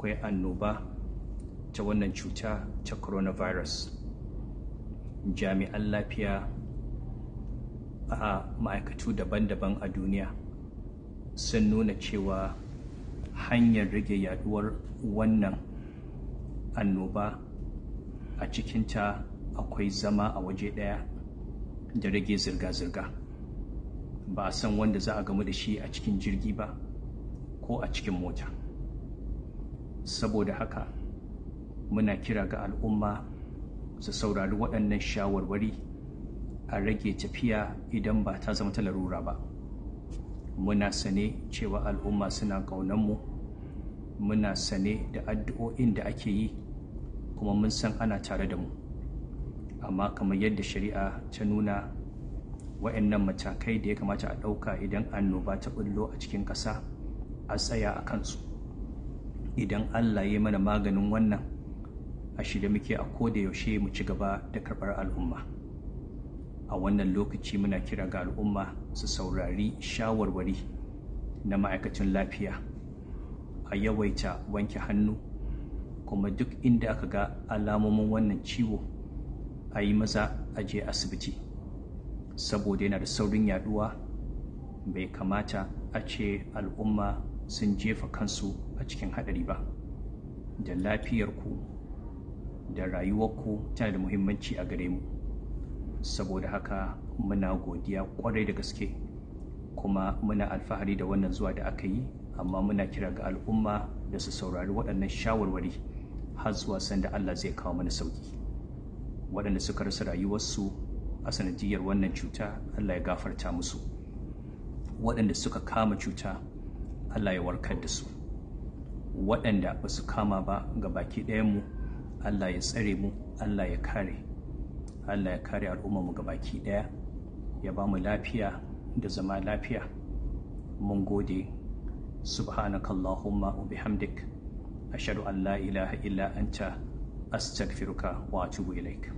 akwai annoba ta wannan cuta ta coronavirus jami'an lafiya a ma'aikatu daban-daban a duniya sun nuna cewa hanyar rage yaɗuwar wannan annoba a cikinta akwai zama a waje ɗaya da rage zirga-zirga ba a san wanda za a gamu da shi a cikin jirgi ba ko a cikin mota saboda haka muna kira ga al'umma su saurari waɗannan shawarwari a rage tafiya idan ba ta zama ta larura ba muna sane cewa al'umma suna ƙaunanmu muna sane da addu'o'in da ake yi kuma mun san ana tare da mu amma kamar yadda shari'a ta nuna wa'annan matakai da ya kamata a ɗauka idan annoba ta ɓullo a cikin ƙasa a tsaya a kansu idan Allah ya yi mana maganin wannan a shirye muke a koda yaushe mu ci gaba da karɓar al'umma a wannan lokaci muna kira ga al'umma su saurari shawarwari na ma'aikacin lafiya a yawaita wanke hannu kuma duk inda aka ga alamomin wannan ciwo a yi maza a je asibiti saboda yana da saurin yaɗuwa, bai kamata a ce al'umma sun jefa kansu a cikin haɗari ba da lafiyarku da rayuwarku tana da muhimmanci a gare mu saboda haka muna godiya ƙwarai da gaske kuma muna alfahari da wannan zuwa da aka yi amma muna kira ga al'umma da su saurari waɗannan shawarwari har zuwa sanda Allah zai kawo mana sauƙi. waɗanda suka rasa rayuwarsu a sanadiyyar wannan cuta Allah ya gafarta musu waɗanda suka kama cuta Allah ya warkar da su waɗanda ba su kama ba ga baki mu Allah ya tsare mu Allah ya kare Allah ya kare mu ga baki ɗaya ya ba mu lafiya da zama lafiya mun gode subhanakallahumma wa bihamdik ashhadu an la ilaha illa anta astaghfiruka wa atubu ilaik